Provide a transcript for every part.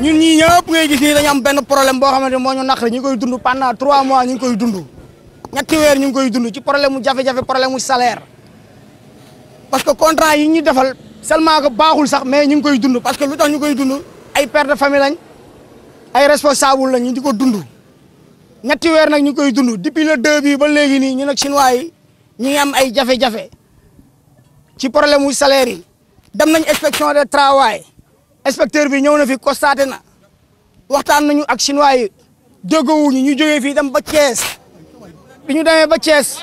ñun ñii ñëpp ngay gis nii dañu am benn problème boo xamante moo ñu naqari ñu koy dund pendant trois mois ñu ngi koy dund ñetti weer ñu ngi koy dund ci problème mu jafe-jafe problème mu salaire parce que contrat yi ñu defal seulement que baaxul sax mais ñu ngi koy dund parce que lu tax ñu koy dund ay père de famille lañ ay responsable lañ ñu di ko dund ñetti weer nag ñu koy dund depuis le deux bi ba léegi nii ñu nag chinois ñi ngi am ay jafe-jafe ci problème mu salaire yi dem nañ inspection de travail inspecteur bi ñëw na fi constaté na waxtaan nañu ak chinois yi déggoowuñu ñu jógee fii dem ba Thiès bi ñu demee ba Thiès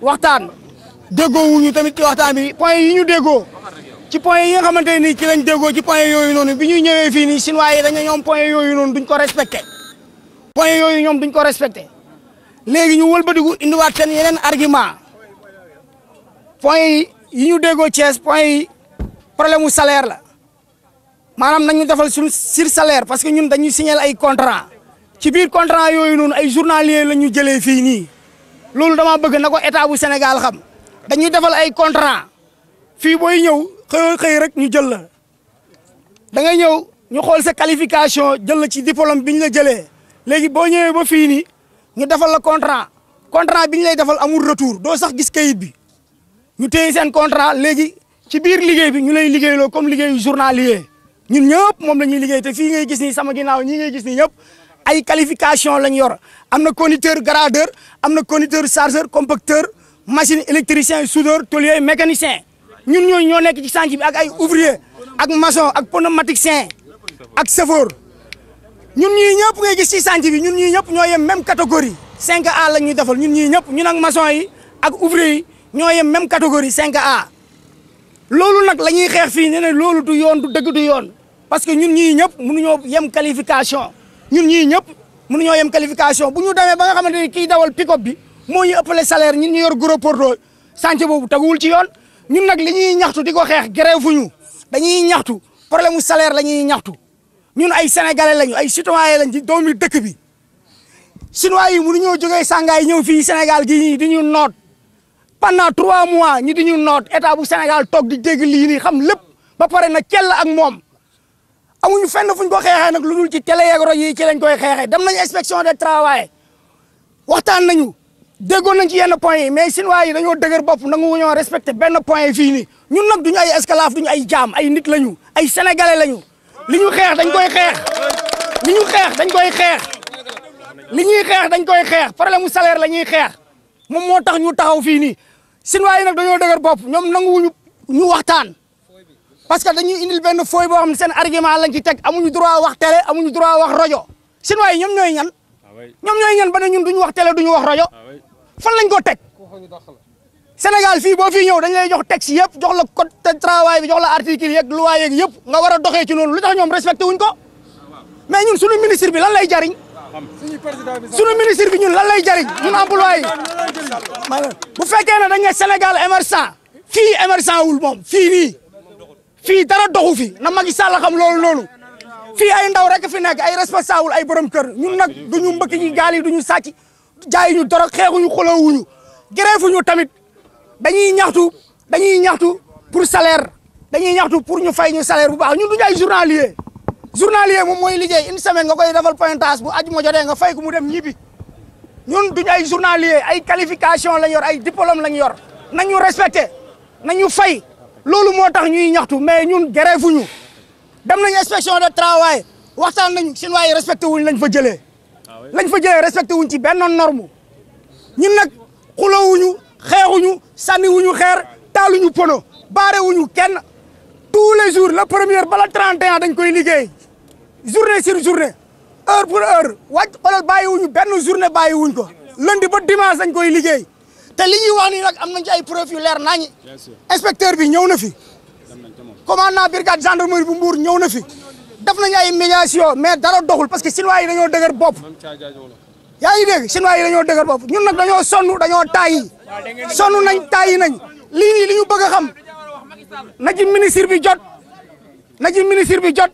waxtaan déggoowuñu tamit ci waxtaan bi point yi ñu déggoo ci point yi nga xamante ni ci lañ déggoo ci point yooyu noonu bi ñuy ñëwee fii ni chinois yi dañu ñoom point yooyu noonu duñ ko respecté point yooyu ñoom duñ ko respecté léegi ñu wëlbatiku indiwaat seen yeneen argument point yi ñu déggoo Thiès point yi problème mu salaire la maanaam nañu defal suñu sur salaire parce que ñun dañu signer ay contrat ci biir contrat yooyu noonu ay journalier la ñu jëlee fii nii loolu dama bëgg na ko état bu Sénégal xam dañuy defal ay contrat fii booy ñëw xëy xëy rek ñu jël la da ngay ñëw ñu xool sa qualification jël la ci diplôme bi ñu la jëlee léegi boo ñëwee ba fii nii ñu defal la contrat contrat bi ñu lay defal amul retour doo sax gis kayit bi ñu téye seen contrat léegi ci biir liggéey bi ñu lay liggéeyloo comme liggéeyu journalier ñun ñëpp moom la ñuy liggéey te fii ngay gis nii sama ginnaaw ñii ngay gis nii ñëpp ay qualification lañ yor am na conducteur gradeur am na conducteur chargeur compacteur machine électricien soudeur tôlier mécanicien ñun ñooñu ñoo nekk ci chantier bi ak ay ouvrier ak maçon ak pneumaticien ak chauffeur ñun ñii ñëpp ngay gis ci chantier bi ñun ñii ñëpp ñoo même catégorie 5A la ñuy defal ñun ñii ñëpp ñun ak maçon yi ak ouvrier yi ñoo yem même catégorie 5A loolu nag la ñuy xeex fii ne ne loolu du yoon du dëgg du yoon parce que ñun ñii ñëpp mënuñoo yem qualification ñun ñii ñëpp mënuñoo yem qualification bu ñu damee ba nga xamante ni kiy dawal pick-up bi moo ñu ëppale salaire ñun ñu yor Gros Bordeaux chantier boobu teguwul ci yoon ñun nag li ñuy ñaxtu di ko xeex grève fuñu dañuy ñaxtu problème mu salaire la ñuy ñaxtu ñun ay sénégalais lañu ay citoyen lañ ci doomi dëkk bi chinois yi mënuñoo jógee Shanghai ñëw fii Sénégal gii di ñu noot pendant trois mois ñi di ñu noot état bu Sénégal toog di dégg lii nii xam lépp ba pare na kell ak moom. amuñu fenn fuñ ko xeexee nag lu dul ci télé yeeg rajo yi ci lañ koy xeexee dem nañ inspection de travail waxtaan nañu déggoon nañ ci yenn point yi mais Chinois yi dañoo dëgër bopp nangu wuñoo respecté benn point yi fii nii ñun nag duñu ay esclave duñu ay jaam ay nit lañu ay sénégalais lañu li ñu xeex dañ koy xeex dañ koy xeex li ñuy xeex dañ koy xeex problème mu salaire la ñuy xeex moom moo tax ñu taxaw fii nii Chinois yi nag dañoo dëgër bopp ñoom nanguwuñu ñu waxtaan parce que dañuy indil benn fooy boo xam ne seen argument lañ ci teg amuñu droit wax télé amuñu droit wax rajo chinois yi ñoom ñooy ñan ah ñoom ñooy ñan ba ne ñun duñu wax télé duñu wax rajo ah fan lañ ko teg Sénégal fii boo fii ñëw dañ lay jox texte yëpp jox la code de travail bi jox la article yeeg loi yeeg yëpp nga war a doxee ci noonu lu tax ñoom respecté wuñ ko mais ñun suñu ministre bi lan lay jariñ suñu ministre bi ñun lan lay jariñ ñun employé yi bu fekkee ne dañ ne Sénégal wul moom fii dara doxu fi na Macky Sall xam loolu noonu fii ay ndaw rek fi nekk ay responsable ay borom kër ñun nag duñu mbëkk yi gaal yi duñu sàcc jaay ñu doro xeexuñu xoloowuñu gëreefuñu tamit dañuy ñaxtu dañuy ñaxtu pour salaire dañuy ñaxtu pour ñu fay ñu salaire bu baax ñun duñu ay journalier journalier moom mooy liggéey une semaine nga koy defal pointage bu aju ma jotee nga fay ko mu dem ñibbi ñun duñu ay journalier ay qualification lañ yor ay diplôme lañ yor nañu na ñu fay loolu moo tax ñuy ñaxtu mais ñu grève ñu dem nañ inspection de travail waxtaan nañu chinois yi respecté wuñ lañ fa jëlee ah lañ fa jëlee respecté wuñ ci benn norme ñun nag xulawuñu xeexuñu ñu xeer taaluñu pono baarewuñu kenn tous les jours la première bala 31 dañ koy liggéey journée sur journée heure pour heure wàcc xoolal bàyyiwuñu benn journée bàyyiwuñ ko lundi ba dimanche dañ koy liggéey te li ñuy wax nii nag am nañ ci ay preuve yu leer nañi inspecteur bi ñëw na fi commandant brigade gendarmerie bu mbuur ñëw na fi def nañ ay médiation mais dara doxul parce que chinois yi dañoo dëgër bopp yaa ngi dégg chinois yi dañoo dëgër bopp ñun nag dañoo sonn dañoo tàyyi sonn nañ tàyyi nañ lii nii li ñu bëgg a xam na ci ministre bi jot na ci ministre bi jot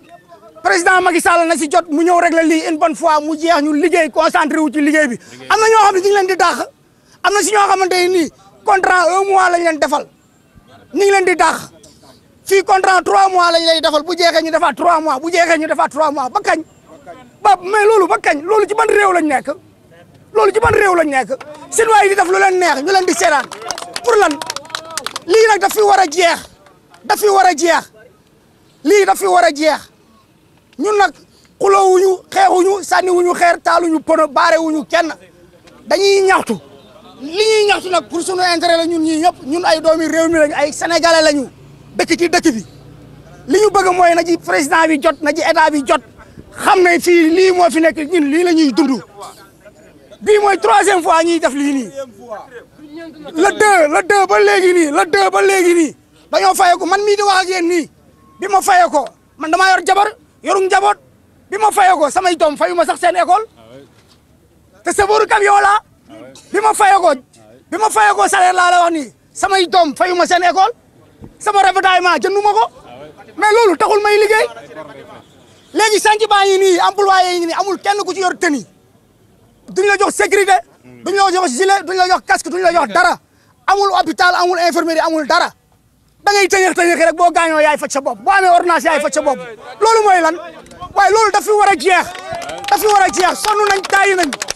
président Macky Sall na si jot mu ñëw régler lii une bonne fois mu jeex ñu liggéey concentré wu ci liggéey bi am na xam ne ñu leen di dàq am na si ñoo xamante ne nii contrat un mois lañ leen defal ñu ngi leen di dàq fii contrat trois mois lañ lay defal bu jeexee ñu defaat trois mois bu jeexee ñu defaat trois mois ba kañ ba mais loolu ba kañ loolu ci ban réew lañ nekk loolu ci ban réew lañ nekk Sinoa yi di def lu leen neex ñu leen di seetaan pour lan lii nag daf fi war a jeex daf fi war a jeex lii daf fi war a jeex ñun nag xuloowuñu xeexuñu sànniwuñu xeer taaluñu pono baarewuñu kenn dañuy ñaxtu. li ñuy ñaxtu nag pour sunu intérêt la ñun ñii ñëpp ñun ay doomi réew mi lañu ay senegale lañu dëkk ci dëkk bi li ñu bëgg mooy na ci président bi jot na ci état bi jot xam ne fi lii moo fi nekk ñun lii lañuy ñuy dund bii mooy troisième fois ñuy def lii nii le deux le ba léegi nii le ba léegi nii dañoo faye ko man mii di wax nii bi ma faye ko man damaa yor jabar yorum njaboot bi ma faye ko samay doom fayu ma sax seen école te sabaru camion la bi ma fayagoo bi ma fayagoo salaire laa la wax sama samay doom fayuma seen école sama ravitaillement jëndu ma ko mais loolu taxul may liggéey léegi sànq baa ngi nii employé yi ni amul kenn ku ci yor tenue duñ la jox sécurité duñ la jox gilet duñ la jox casque duñ la jox dara amul hôpital amul infirmerie amul dara da ngay tëñëx tëñëx rek boo gaañoo yaay faj sa bopp boo amee ordonnance yaay faj sa bopp loolu mooy lan waaye loolu daf fi war a jeex daf war a jeex sonn nañ taayi nañ.